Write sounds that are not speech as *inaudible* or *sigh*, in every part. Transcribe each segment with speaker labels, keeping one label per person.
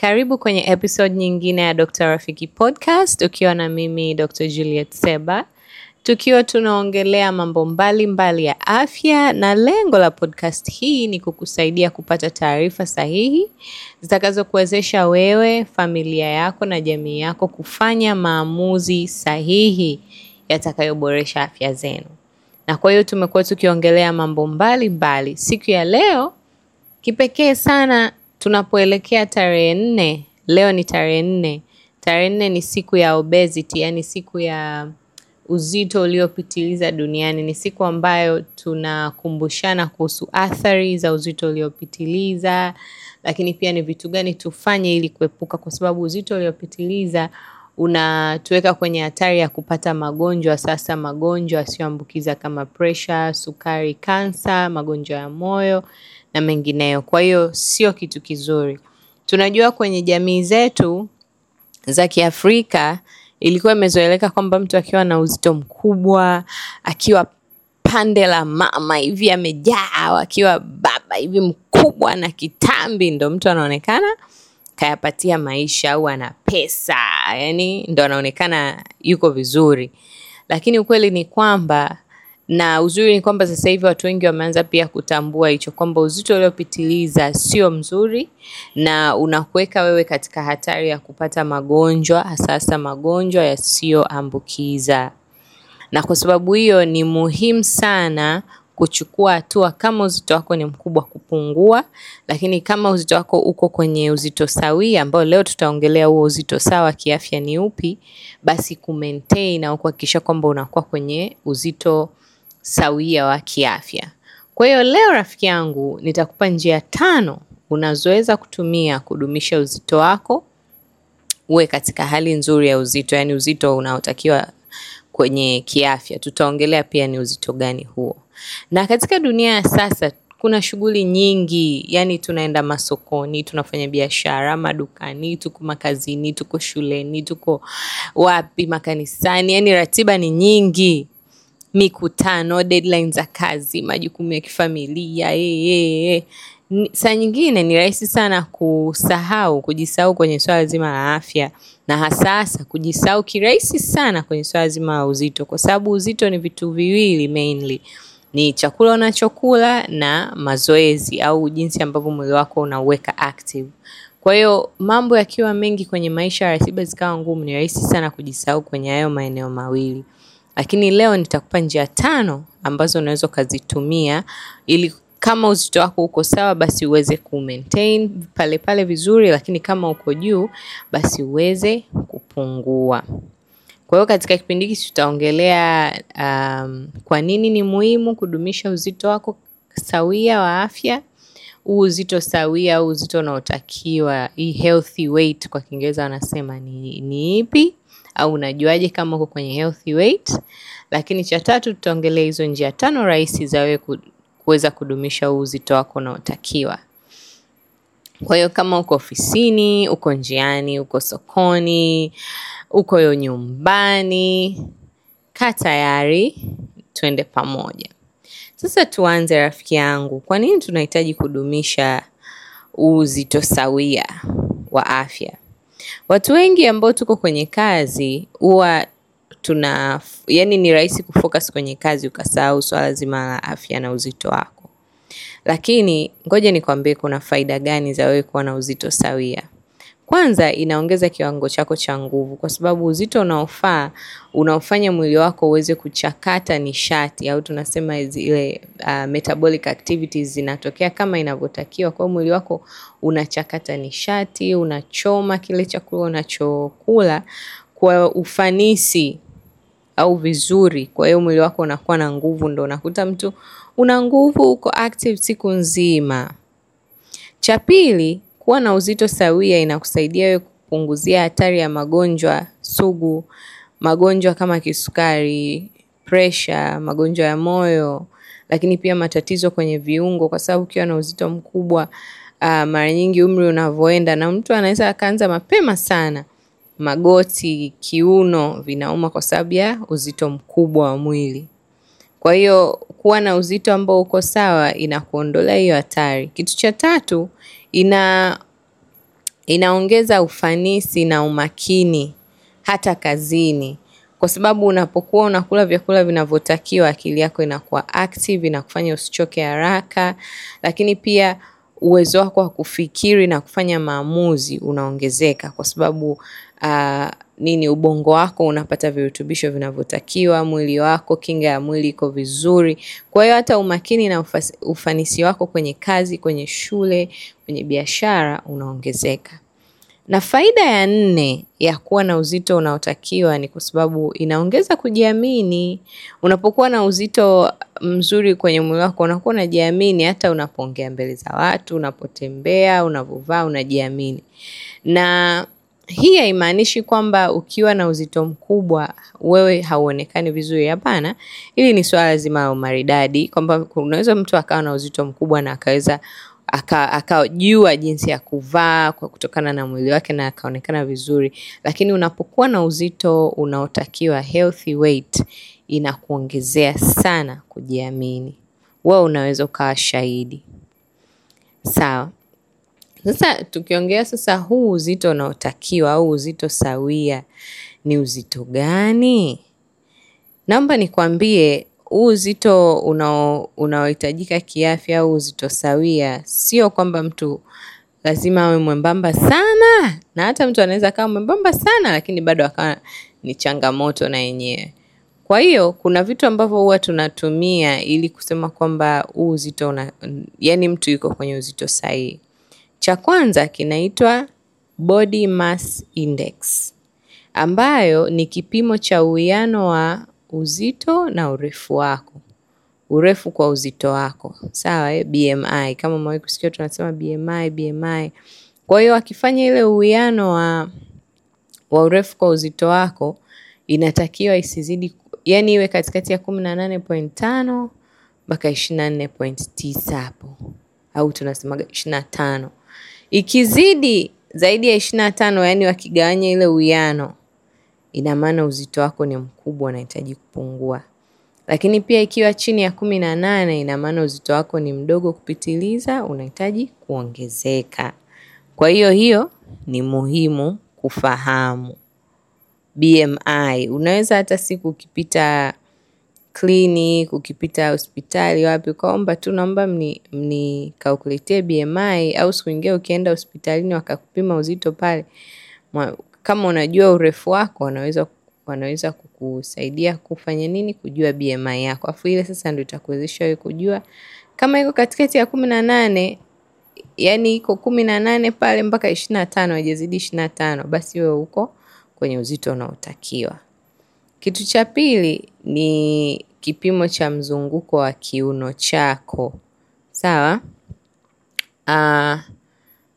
Speaker 1: Karibu kwenye episode nyingine ya Dr. Rafiki Podcast ukiwa na mimi Dr. Juliet Seba tukiwa tunaongelea mambo mbalimbali mbali ya afya, na lengo la podcast hii ni kukusaidia kupata taarifa sahihi zitakazokuwezesha wewe, familia yako na jamii yako kufanya maamuzi sahihi yatakayoboresha afya zenu. Na kwa hiyo tumekuwa tukiongelea mambo mbalimbali mbali. Siku ya leo kipekee sana tunapoelekea tarehe nne, leo ni tarehe nne. Tarehe nne ni siku ya obesity, yani siku ya uzito uliopitiliza duniani. Ni siku ambayo tunakumbushana kuhusu athari za uzito uliopitiliza, lakini pia ni vitu gani tufanye ili kuepuka, kwa sababu uzito uliopitiliza unatuweka kwenye hatari ya kupata magonjwa, sasa magonjwa asiyoambukiza kama presha, sukari, kansa, magonjwa ya moyo na mengineyo. Kwa hiyo sio kitu kizuri. Tunajua kwenye jamii zetu za Kiafrika ilikuwa imezoeleka kwamba mtu akiwa na uzito mkubwa, akiwa pande la mama hivi amejaa, akiwa baba hivi mkubwa na kitambi, ndo mtu anaonekana kayapatia maisha au ana pesa, yani ndo anaonekana yuko vizuri, lakini ukweli ni kwamba na uzuri ni kwamba sasa hivi watu wengi wameanza pia kutambua hicho kwamba uzito uliopitiliza sio mzuri na unakuweka wewe katika hatari ya kupata magonjwa hasa magonjwa yasiyoambukiza. Na kwa sababu hiyo ni muhimu sana kuchukua hatua kama uzito wako ni mkubwa kupungua, lakini kama uzito wako uko kwenye uzito sawia, ambao leo tutaongelea huo uzito sawa kiafya ni upi, basi ku au kuhakikisha kwamba unakuwa kwenye uzito sawia wa kiafya. Kwa hiyo leo rafiki yangu, nitakupa njia tano unazoweza kutumia kudumisha uzito wako uwe katika hali nzuri ya uzito, yani uzito unaotakiwa kwenye kiafya. Tutaongelea pia ni uzito gani huo. Na katika dunia ya sasa kuna shughuli nyingi, yani tunaenda masokoni, tunafanya biashara, madukani, tuko makazini, tuko shuleni, tuko wapi, makanisani, yani ratiba ni nyingi mikutano, deadline za kazi, majukumu ya kifamilia e, Saa nyingine ni rahisi sana kusahau, kujisahau kwenye swala zima la afya na hasahasa kujisahau kirahisi sana kwenye swala zima la uzito, kwa sababu uzito ni vitu viwili mainly ni chakula unachokula na mazoezi au jinsi ambavyo mwili wako unauweka active. Kwa hiyo mambo yakiwa mengi kwenye maisha, ratiba zikawa ngumu, ni rahisi sana kujisahau kwenye hayo maeneo mawili lakini leo nitakupa njia tano ambazo unaweza ukazitumia ili kama uzito wako uko sawa basi uweze ku pale pale vizuri, lakini kama uko juu basi uweze kupungua. Kwa hiyo katika kipindi hiki tutaongelea um, kwa nini ni muhimu kudumisha uzito wako sawia wa afya, huu uzito sawia au uzito unaotakiwa, hii healthy weight kwa Kiingereza wanasema ni, ni ipi? au unajuaje kama uko kwenye healthy weight. Lakini cha tatu tutaongelea hizo njia tano rahisi za wewe kuweza kudumisha uzito wako unaotakiwa. Kwa hiyo kama uko ofisini, uko njiani, uko sokoni, uko yo nyumbani, ka tayari, twende pamoja. Sasa tuanze, rafiki yangu, kwa nini tunahitaji kudumisha uzito sawia wa afya? Watu wengi ambao tuko kwenye kazi huwa tuna yani, ni rahisi kufocus kwenye kazi ukasahau swala zima la afya na uzito wako, lakini ngoja nikwambie kuna faida gani za wewe kuwa na uzito sawia. Kwanza inaongeza kiwango chako cha nguvu, kwa sababu uzito unaofaa unaofanya mwili wako uweze kuchakata nishati au tunasema zile uh, metabolic activities zinatokea kama inavyotakiwa. Kwa hiyo mwili wako unachakata nishati, unachoma kile chakula unachokula kwa ufanisi au vizuri. Kwa hiyo mwili wako unakuwa na nguvu, ndo unakuta mtu una nguvu, uko active siku nzima. Cha pili kuwa na uzito sawia inakusaidia wewe kupunguzia hatari ya magonjwa sugu, magonjwa kama kisukari, presha, magonjwa ya moyo, lakini pia matatizo kwenye viungo, kwa sababu ukiwa na uzito mkubwa uh, mara nyingi umri unavyoenda, na mtu anaweza akaanza mapema sana, magoti, kiuno vinauma kwa sababu ya uzito mkubwa wa mwili. Kwa hiyo kuwa na uzito ambao uko sawa inakuondolea hiyo hatari. Kitu cha tatu, ina inaongeza ufanisi na umakini hata kazini, kwa sababu unapokuwa unakula vyakula vinavyotakiwa, akili yako inakuwa active, inakufanya usichoke haraka, lakini pia uwezo wako wa kufikiri na kufanya maamuzi unaongezeka kwa sababu uh, nini, ubongo wako unapata virutubisho vinavyotakiwa, mwili wako, kinga ya mwili iko vizuri. Kwa hiyo hata umakini na ufanisi wako kwenye kazi, kwenye shule, kwenye biashara unaongezeka. Na faida ya nne ya kuwa na uzito unaotakiwa ni kwa sababu inaongeza kujiamini. Unapokuwa na uzito mzuri kwenye mwili wako, unakuwa unajiamini, hata unapoongea mbele za watu, unapotembea, unavovaa, unajiamini na hii haimaanishi kwamba ukiwa na uzito mkubwa wewe hauonekani vizuri. Hapana, hili ni swala zima la umaridadi, kwamba unaweza mtu akawa na uzito mkubwa na akaweza akajua jinsi ya kuvaa kwa kutokana na mwili wake na akaonekana vizuri, lakini unapokuwa na uzito unaotakiwa healthy weight, inakuongezea sana kujiamini. Wewe unaweza ukawa shahidi, sawa? Sasa tukiongea sasa, huu uzito unaotakiwa au uzito sawia ni uzito gani? Naomba nikwambie huu uzito unaohitajika kiafya au uzito sawia, sio kwamba mtu lazima awe mwembamba sana, na hata mtu anaweza kawa mwembamba sana lakini bado akawa ni changamoto na yenyewe. Kwa hiyo kuna vitu ambavyo huwa tunatumia ili kusema kwamba huu uzito una, yani mtu yuko kwenye uzito sahihi. Cha kwanza kinaitwa body mass index ambayo ni kipimo cha uwiano wa uzito na urefu wako, urefu kwa uzito wako, sawa eh? BMI kama umewahi kusikia tunasema BMI, BMI. Kwa hiyo akifanya ile uwiano wa, wa urefu kwa uzito wako inatakiwa isizidi, yani iwe katikati ya 18.5 mpaka 24.9 hapo, au tunasemaga 25 Ikizidi zaidi ya ishirini na tano, yaani wakigawanya ile uwiano, ina maana uzito wako ni mkubwa unahitaji kupungua. Lakini pia ikiwa chini ya kumi na nane, ina maana uzito wako ni mdogo kupitiliza, unahitaji kuongezeka. Kwa hiyo hiyo ni muhimu kufahamu BMI. Unaweza hata siku ukipita clinic ukipita hospitali wapi, ukaomba tu naomba mnikalkuletie mni BMI au siku nyingine ukienda hospitalini wakakupima uzito pale mwa, kama unajua urefu wako wanaweza wanaweza kukusaidia kufanya nini, kujua BMI yako, afu ile sasa ndio itakuwezesha wewe kujua kama iko katikati ya kumi na nane yani iko kumi na nane pale mpaka ishirini na tano haijazidi ishirini na tano basi wewe uko kwenye uzito unaotakiwa. Kitu cha pili ni kipimo cha mzunguko wa kiuno chako sawa. Aa, ah,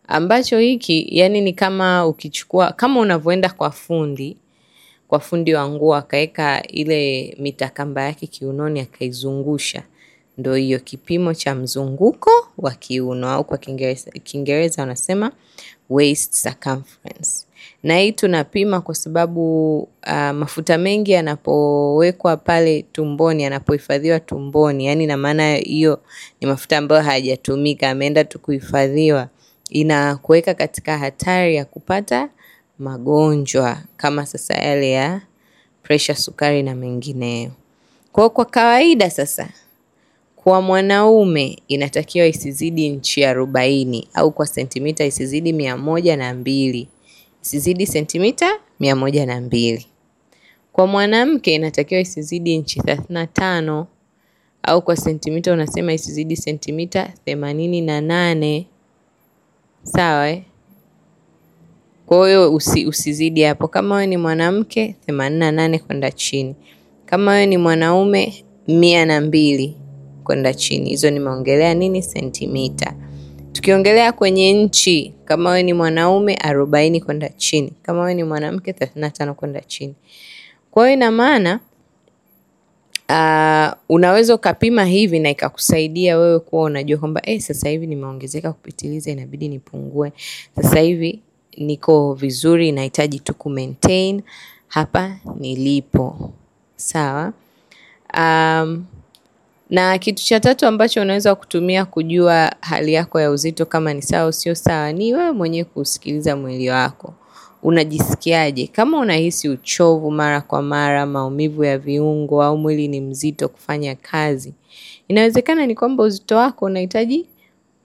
Speaker 1: ambacho hiki yani ni kama ukichukua kama unavyoenda kwa fundi kwa fundi wa nguo akaweka ile mitakamba yake kiunoni akaizungusha ndo hiyo kipimo cha mzunguko wa kiuno au kwa Kiingereza wanasema waist circumference. Na hii tunapima kwa sababu uh, mafuta mengi yanapowekwa pale tumboni, yanapohifadhiwa tumboni, yani na maana hiyo ni mafuta ambayo hayajatumika, ameenda tu kuhifadhiwa, inakuweka katika hatari ya kupata magonjwa kama sasa yale ya presha, sukari na mengineyo. Kwa kwa kawaida sasa kwa mwanaume inatakiwa isizidi inchi arobaini au kwa sentimita isizidi mia moja na mbili isizidi sentimita mia moja na mbili. Kwa mwanamke inatakiwa isizidi inchi thelathini na tano au kwa sentimita unasema isizidi sentimita themanini na nane sawa. Eh? Kwa hiyo usi, usizidi hapo. Kama wewe ni mwanamke themanini na nane kwenda chini, kama wewe ni mwanaume mia na mbili kwenda chini. Hizo nimeongelea nini? Sentimita. Tukiongelea kwenye nchi, kama we ni mwanaume arobaini kwenda chini, kama we ni mwanamke thelathini na tano kwenda chini. Kwa hiyo ina maana uh, unaweza ukapima hivi na ikakusaidia wewe kuwa unajua kwamba eh, sasa hivi nimeongezeka kupitiliza, inabidi nipungue. Sasa hivi niko vizuri, inahitaji tu ku maintain hapa nilipo. Sawa. Um, na kitu cha tatu ambacho unaweza kutumia kujua hali yako ya uzito kama ni sawa au sio sawa ni wewe mwenyewe kusikiliza mwili wako. Unajisikiaje? Kama unahisi uchovu mara kwa mara, maumivu ya viungo au mwili ni mzito kufanya kazi, inawezekana ni kwamba uzito wako unahitaji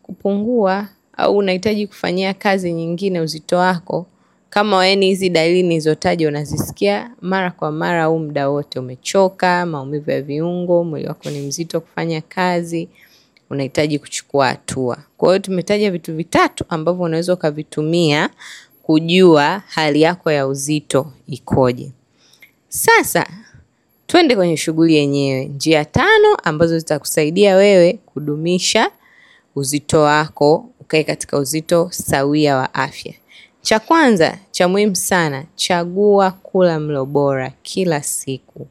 Speaker 1: kupungua au unahitaji kufanyia kazi nyingine uzito wako. Kama wewe ni hizi dalili nilizotaja unazisikia mara kwa mara au muda wote, umechoka, maumivu ya viungo, mwili wako ni mzito kufanya kazi, unahitaji kuchukua hatua. Kwa hiyo tumetaja vitu vitatu ambavyo unaweza ukavitumia kujua hali yako ya uzito ikoje. Sasa twende kwenye shughuli yenyewe, njia tano ambazo zitakusaidia wewe kudumisha uzito wako ukae katika uzito sawia wa afya. Cha kwanza cha muhimu sana, chagua kula mlo bora kila siku,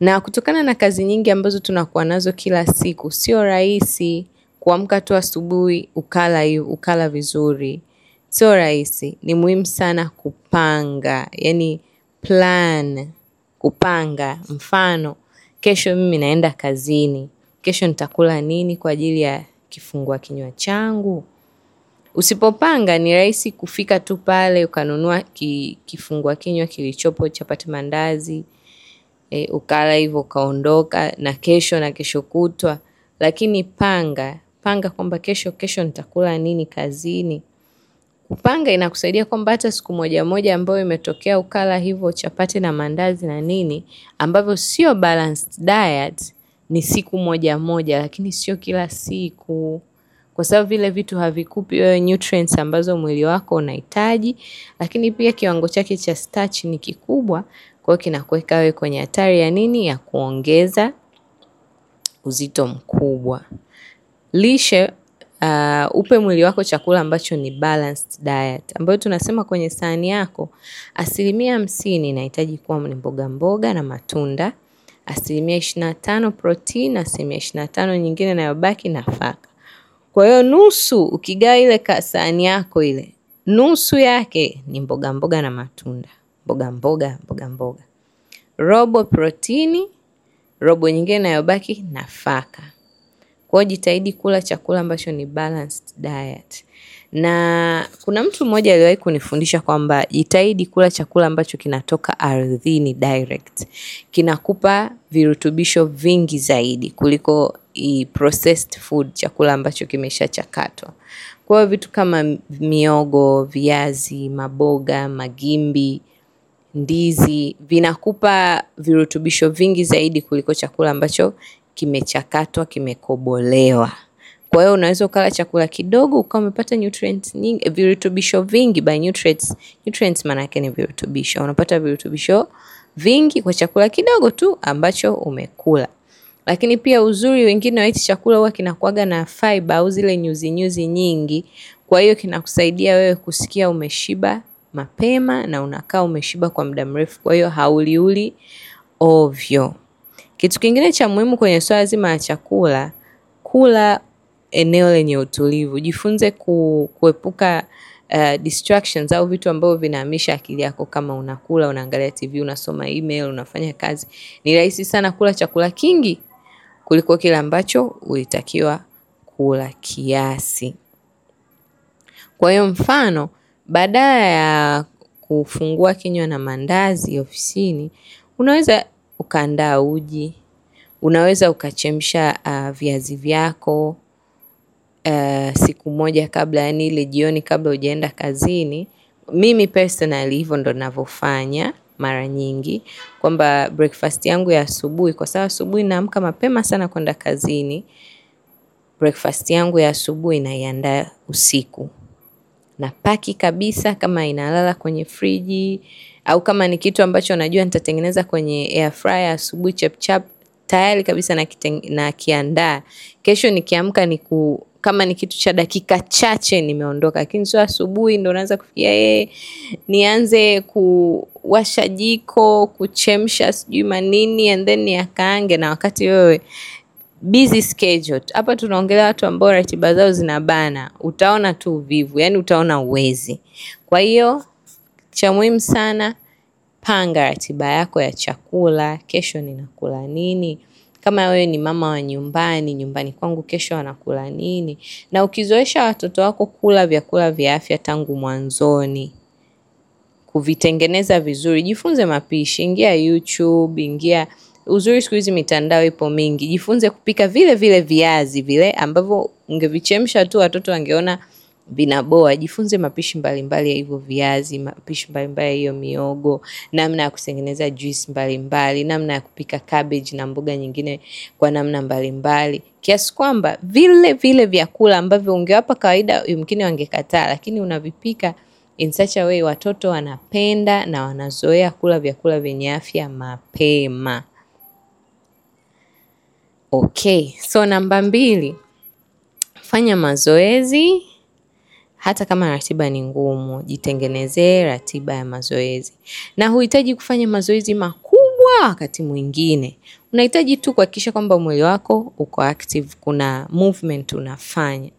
Speaker 1: na kutokana na kazi nyingi ambazo tunakuwa nazo kila siku, sio rahisi kuamka tu asubuhi ukala ukala vizuri, sio rahisi. Ni muhimu sana kupanga, yani plan, kupanga. Mfano, kesho mimi naenda kazini, kesho nitakula nini kwa ajili ya kifungua kinywa changu? Usipopanga ni rahisi kufika tu pale ukanunua ki, kifungua kinywa kilichopo chapati, mandazi e, ukala hivyo ukaondoka, na kesho na kesho kutwa. Lakini panga panga kwamba kesho kesho nitakula nini kazini. Kupanga inakusaidia kwamba hata siku moja moja ambayo imetokea ukala hivyo chapati na mandazi na nini ambavyo sio balanced diet, ni siku moja moja, lakini sio kila siku kwa sababu vile vitu havikupi wewe eh, nutrients ambazo mwili wako unahitaji, lakini pia kiwango chake cha starch ni kikubwa, kwa hiyo kinakuweka wewe kwenye hatari ya nini, ya kuongeza uzito mkubwa. Lishe uh, upe mwili wako chakula ambacho ni balanced diet, ambayo tunasema kwenye sahani yako asilimia hamsini inahitaji kuwa ni mboga mboga na matunda, asilimia ishirini na tano protini, asilimia ishirini na tano nyingine inayobaki nafaka. Kwa hiyo nusu, ukigawa ile kasani yako ile nusu yake ni mboga mboga na matunda, mboga mboga mboga mboga, robo protini, robo nyingine inayobaki nafaka. Kwa hiyo jitahidi kula chakula ambacho ni balanced diet, na kuna mtu mmoja aliwahi kunifundisha kwamba jitahidi kula chakula ambacho kinatoka ardhini direct, kinakupa virutubisho vingi zaidi kuliko i processed food, chakula ambacho kimeshachakatwa. Kwa hiyo vitu kama miogo, viazi, maboga, magimbi, ndizi vinakupa virutubisho vingi zaidi kuliko chakula ambacho kimechakatwa, kimekobolewa. Kwa hiyo unaweza ukala chakula kidogo ukawa umepata nutrients nyingi, virutubisho vingi by nutrients. Nutrients maana ni virutubisho. Unapata virutubisho vingi kwa chakula kidogo tu ambacho umekula. Lakini pia uzuri wengine wa hichi chakula huwa kinakuaga na fiber au zile nyuzi nyuzi nyingi, kwa hiyo kinakusaidia wewe kusikia umeshiba mapema na unakaa umeshiba kwa muda mrefu, kwa hiyo hauliuli ovyo. Kitu kingine cha muhimu kwenye swala zima la chakula, kula eneo lenye utulivu. Jifunze ku, kuepuka uh, distractions au vitu ambavyo vinahamisha akili yako. Kama unakula unaangalia TV, unasoma email, unafanya kazi, ni rahisi sana kula chakula kingi kuliko kile ambacho ulitakiwa kula kiasi. Kwa hiyo mfano, badala ya kufungua kinywa na mandazi ofisini, unaweza ukaandaa uji, unaweza ukachemsha uh, viazi vyako uh, siku moja kabla, yani ile jioni kabla hujaenda kazini. Mimi personally hivyo ndo ninavyofanya mara nyingi kwamba breakfast yangu ya asubuhi, kwa sababu asubuhi naamka mapema sana kwenda kazini, breakfast yangu ya asubuhi naiandaa usiku na paki kabisa, kama inalala kwenye friji au kama ni kitu ambacho najua nitatengeneza kwenye air fryer asubuhi chapchap, tayari kabisa nakiandaa na kesho nikiamka ni ku kama ni kitu cha dakika chache nimeondoka, lakini sio asubuhi ndo naanza kufikia yeye nianze kuwasha jiko kuchemsha sijui manini and then yakaange, na wakati wewe busy schedule. Hapa tunaongelea watu ambao ratiba zao zinabana, utaona tu uvivu, yani utaona uwezi. Kwa hiyo cha muhimu sana, panga ratiba yako ya chakula, kesho ninakula nini kama wewe ni mama wa nyumbani, nyumbani kwangu kesho wanakula nini? Na ukizoesha watoto wako kula vyakula vya afya tangu mwanzoni, kuvitengeneza vizuri, jifunze mapishi, ingia YouTube, ingia uzuri siku hizi mitandao ipo mingi, jifunze kupika vile vile viazi vile ambavyo ungevichemsha tu watoto wangeona vinaboa. Jifunze mapishi mbalimbali ya hivyo viazi, mapishi mbalimbali ya hiyo miogo, namna ya kutengeneza juisi mbalimbali, namna ya kupika cabbage na mboga nyingine kwa namna mbalimbali, kiasi kwamba vile vile vyakula ambavyo ungewapa kawaida, yumkini wangekataa, lakini unavipika in such a way watoto wanapenda na wanazoea kula vyakula vyenye afya mapema. Okay, so namba mbili, fanya mazoezi hata kama ratiba ni ngumu, jitengenezee ratiba ya mazoezi, na huhitaji kufanya mazoezi makubwa. Wakati mwingine unahitaji tu kuhakikisha kwamba mwili wako uko active, kuna movement unafanya.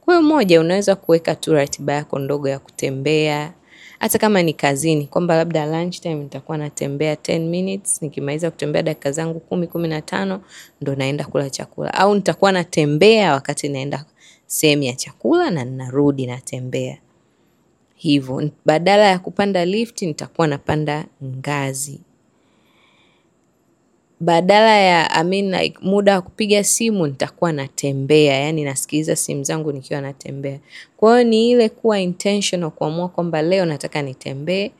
Speaker 1: Kwa hiyo, moja, unaweza kuweka tu ratiba yako ndogo ya kutembea hata kama ni kazini kwamba labda lunch time nitakuwa natembea 10 minutes, nikimaliza kutembea dakika zangu kumi, kumi na tano ndo naenda kula chakula, au nitakuwa natembea wakati naenda sehemu ya chakula na ninarudi natembea. Hivyo badala ya kupanda lift nitakuwa napanda ngazi. Badala ya I mean, like, muda wa kupiga simu nitakuwa natembea, yani nasikiliza simu zangu nikiwa natembea. Kwa hiyo ni ile kuwa intentional, kuamua kwamba leo nataka nitembee,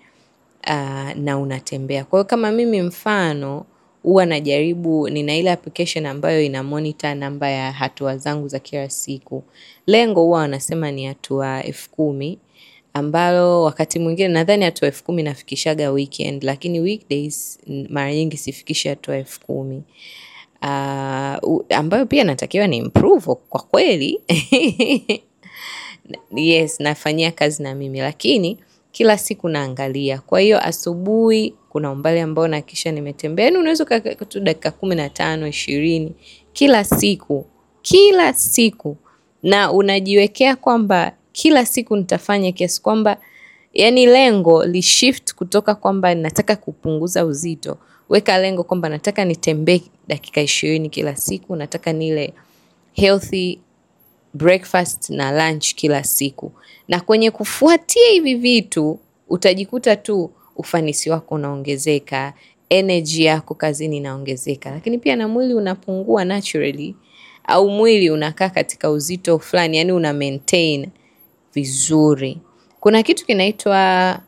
Speaker 1: uh, na unatembea. Kwa hiyo kama mimi mfano huwa najaribu, nina ile application ambayo ina monitor namba ya hatua zangu za kila siku. Lengo huwa wanasema ni hatua elfu kumi ambalo wakati mwingine nadhani hatua elfu kumi nafikishaga weekend, lakini weekdays mara nyingi sifikishi hatua elfu kumi uh, ambayo pia natakiwa ni improve kwa kweli *laughs* yes, nafanyia kazi na mimi lakini kila siku naangalia. Kwa hiyo asubuhi kuna umbali ambao nahakikisha nimetembea, ni yaani unaweza ukakaa tu dakika kumi na tano ishirini kila siku, kila siku, na unajiwekea kwamba kila siku nitafanya, kiasi kwamba yani lengo lishift kutoka kwamba nataka kupunguza uzito, weka lengo kwamba nataka nitembee dakika ishirini kila siku, nataka nile healthy breakfast na lunch kila siku, na kwenye kufuatia hivi vitu utajikuta tu ufanisi wako unaongezeka, energy yako kazini inaongezeka, lakini pia na mwili unapungua naturally, au mwili unakaa katika uzito fulani, yani una maintain vizuri. Kuna kitu kinaitwa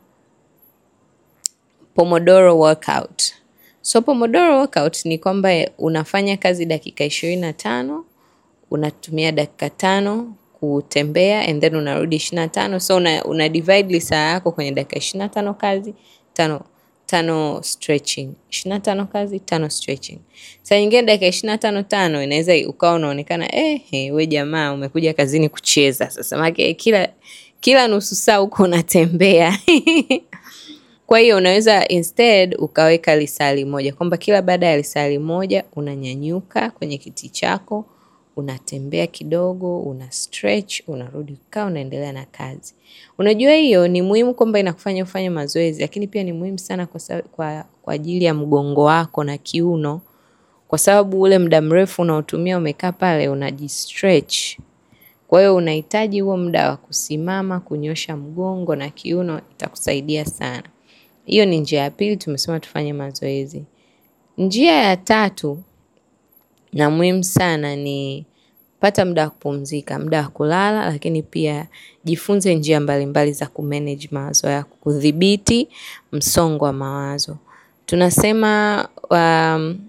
Speaker 1: Pomodoro workout. So Pomodoro workout ni kwamba unafanya kazi dakika ishirini na tano unatumia dakika tano kutembea and then unarudi ishirina tano so una, una divide lisaa yako kwenye dakika ishirina tano kazi tano tano stretching ishirina tano kazi tano stretching. Saa nyingine dakika ishirina tano tano inaweza ukawa unaonekana eh, hey, we jamaa umekuja kazini kucheza sasa, make kila kila nusu saa huko unatembea *laughs* kwa hiyo unaweza instead ukaweka lisali moja kwamba kila baada ya lisali moja unanyanyuka kwenye kiti chako unatembea kidogo, una stretch, unarudi kukaa, unaendelea na kazi. Unajua hiyo ni muhimu kwamba inakufanya ufanye mazoezi, lakini pia ni muhimu sana kwa, kwa, kwa ajili ya mgongo wako na kiuno, kwa sababu ule muda mrefu unaotumia umekaa pale unajistretch. Kwa hiyo unahitaji huo muda wa kusimama, kunyosha mgongo na kiuno, itakusaidia sana. Hiyo ni njia ya pili, tumesema tufanye mazoezi. Njia ya tatu na muhimu sana ni pata muda wa kupumzika, muda wa kulala, lakini pia jifunze njia mbalimbali mbali za kumanage mawazo yako, kudhibiti msongo wa mawazo. Tunasema um,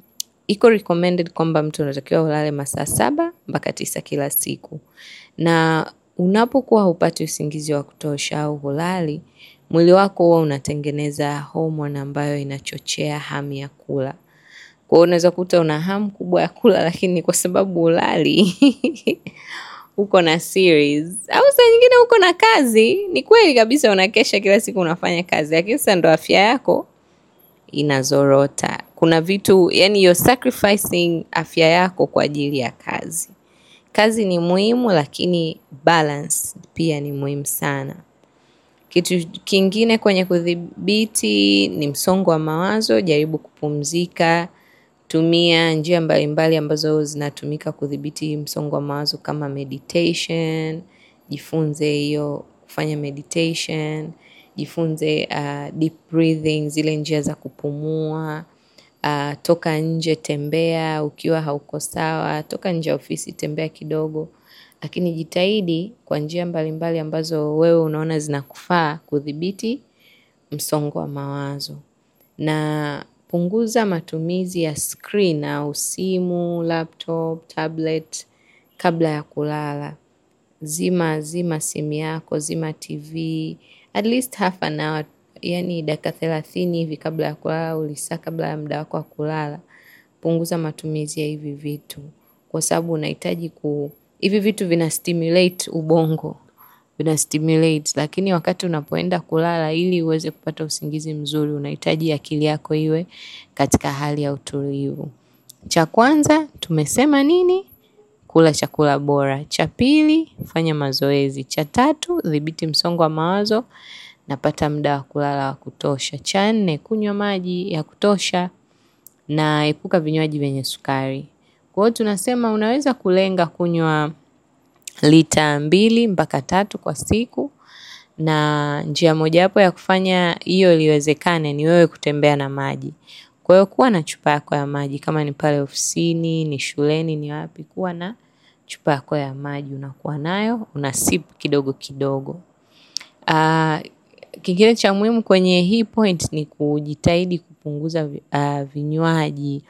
Speaker 1: iko recommended kwamba mtu unatakiwa ulale masaa saba mpaka tisa kila siku, na unapokuwa hupati usingizi wa kutosha au hulali, mwili wako huwa unatengeneza homoni ambayo inachochea hamu ya kula. Kwa hiyo unaweza kuta una hamu kubwa ya kula, lakini kwa sababu ulali *laughs* uko na series au saa nyingine uko na kazi. Ni kweli kabisa, unakesha kila siku unafanya kazi, lakini sasa ndo afya yako inazorota. Kuna vitu yani, sacrificing afya yako kwa ajili ya kazi. Kazi ni muhimu, lakini balance pia ni muhimu sana. Kitu kingine kwenye kudhibiti ni msongo wa mawazo. Jaribu kupumzika, tumia njia mbalimbali mbali ambazo zinatumika kudhibiti msongo wa mawazo kama meditation. Jifunze hiyo kufanya meditation, jifunze uh, deep breathing, zile njia za kupumua. Uh, toka nje, tembea. Ukiwa hauko sawa, toka nje ya ofisi, tembea kidogo, lakini jitahidi kwa njia mbalimbali ambazo wewe unaona zinakufaa kudhibiti msongo wa mawazo na Punguza matumizi ya screen au simu, laptop, tablet kabla ya kulala. Zima zima simu yako, zima TV. At least half an hour, yani dakika thelathini hivi kabla ya kulala au kabla ya muda wako wa kulala. Punguza matumizi ya hivi vitu. Kwa sababu unahitaji ku hivi vitu vina stimulate ubongo vina stimulate, lakini wakati unapoenda kulala, ili uweze kupata usingizi mzuri, unahitaji akili yako iwe katika hali ya utulivu. Cha kwanza tumesema nini? Kula chakula bora. Cha pili, fanya mazoezi. Cha tatu, dhibiti msongo wa mawazo, napata muda wa kulala wa kutosha. Cha nne, kunywa maji ya kutosha na epuka vinywaji vyenye sukari. Kwa hiyo tunasema unaweza kulenga kunywa lita mbili mpaka tatu kwa siku, na njia mojawapo ya kufanya hiyo iliwezekane ni wewe kutembea na maji. Kwa hiyo kuwa na chupa yako ya maji, kama ni pale ofisini, ni shuleni, ni wapi, kuwa na chupa yako ya maji unakuwa nayo una sip kidogo kidogo. Uh, kingine cha muhimu kwenye hii point ni kujitahidi kupunguza uh, vinywaji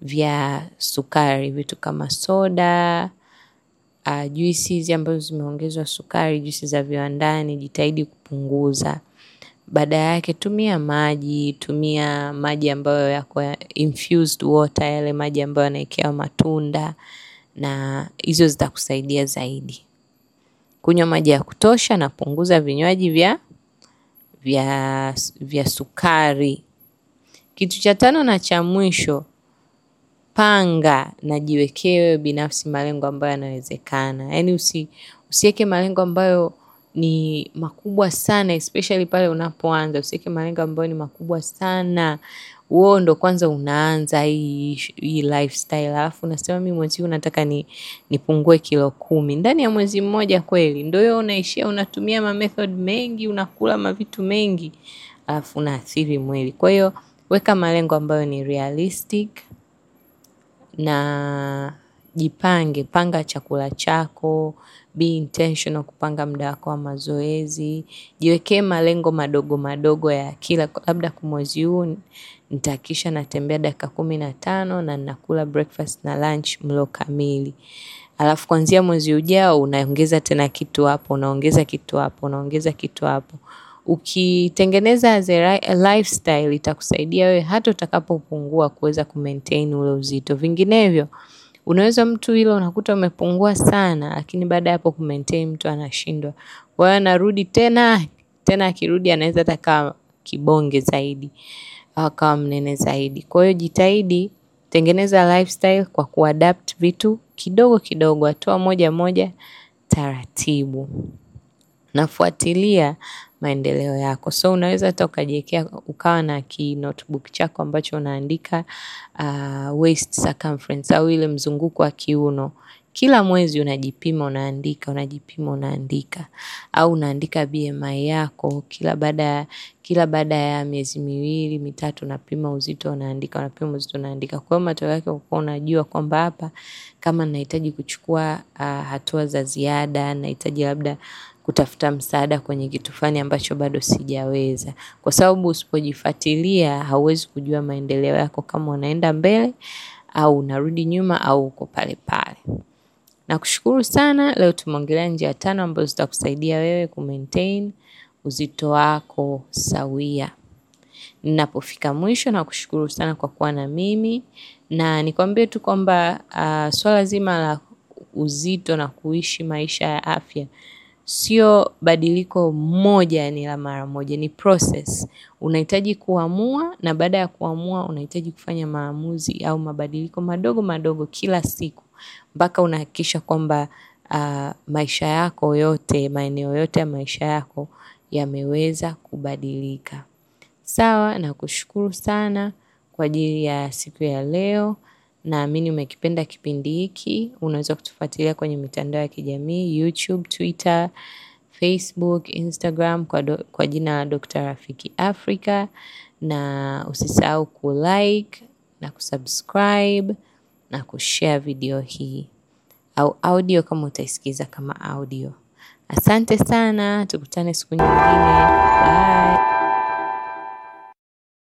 Speaker 1: vya sukari, vitu kama soda, uh, juisi hizi ambazo zimeongezwa sukari, juisi za viwandani, jitahidi kupunguza. Baada yake tumia maji, tumia maji ambayo yako infused water, yale maji ambayo yanawekewa matunda, na hizo zitakusaidia zaidi. Kunywa maji ya kutosha na punguza vinywaji vya vya vya sukari. Kitu cha tano na cha mwisho panga na jiwekee binafsi malengo ambayo yanawezekana. Yaani usi, usiweke malengo ambayo ni makubwa sana especially pale unapoanza. Usiweke malengo ambayo ni makubwa sana. Wewe ndo kwanza unaanza hii, hii alafu unasema mi mwezi huu nataka ni nipungue kilo kumi ndani ya mwezi mmoja. Kweli ndo hiyo, unaishia unatumia ma mengi, unakula mavitu mengi alafu unaathiri mwili. Kwa hiyo weka malengo ambayo ni realistic na jipange, panga chakula chako, be intentional kupanga muda wako wa mazoezi, jiwekee malengo madogo madogo ya kila, labda kwa mwezi huu nitahakisha natembea dakika kumi na tano na nakula breakfast na lunch mlo kamili. Alafu kuanzia mwezi ujao unaongeza tena kitu hapo, unaongeza kitu hapo, unaongeza kitu hapo ukitengeneza as a lifestyle itakusaidia wewe hata utakapopungua kuweza kumaintain ule uzito. Vinginevyo unaweza mtu ile unakuta umepungua sana, lakini baada ya hapo kumaintain mtu anashindwa, kwa hiyo anarudi tena tena, akirudi anaweza taka kibonge zaidi akawa mnene zaidi. Kwa hiyo jitahidi tengeneza lifestyle kwa kuadapt vitu kidogo kidogo, hatua moja moja, taratibu nafuatilia maendeleo yako. So unaweza hata ukajiwekea ukawa na ki notebook chako ambacho unaandika uh, waist circumference au ile mzunguko wa kiuno. Kila mwezi unajipima, unaandika, unajipima, unaandika, au unaandika BMI yako kila baada ya kila baada ya miezi miwili mitatu, unapima uzito, unaandika, unapima uzito, unaandika. Kwa hiyo matokeo yake ukawa unajua kwamba hapa, kama nahitaji kuchukua uh, hatua za ziada, nahitaji labda kutafuta msaada kwenye kitu fulani ambacho bado sijaweza, kwa sababu usipojifuatilia hauwezi kujua maendeleo yako kama unaenda mbele au unarudi nyuma au uko pale pale. Nakushukuru sana. Leo tumeongelea njia tano ambazo zitakusaidia wewe kumaintain uzito wako sawia. Ninapofika mwisho, nakushukuru sana kwa kuwa na mimi, na nikwambie tu kwamba uh, swala zima la uzito na kuishi maisha ya afya sio badiliko moja ni la mara moja, ni process. Unahitaji kuamua, na baada ya kuamua unahitaji kufanya maamuzi au mabadiliko madogo madogo kila siku mpaka unahakikisha kwamba uh, maisha yako yote, maeneo yote ya maisha yako yameweza kubadilika. Sawa, nakushukuru sana kwa ajili ya siku ya leo. Naamini umekipenda kipindi hiki. Unaweza kutufuatilia kwenye mitandao ya kijamii YouTube, Twitter, Facebook, Instagram kwa, do, kwa jina la Dr. Rafiki Africa, na usisahau kulike na kusubscribe na kushare video hii au audio kama utaisikiza kama audio. Asante sana, tukutane siku nyingine. Bye.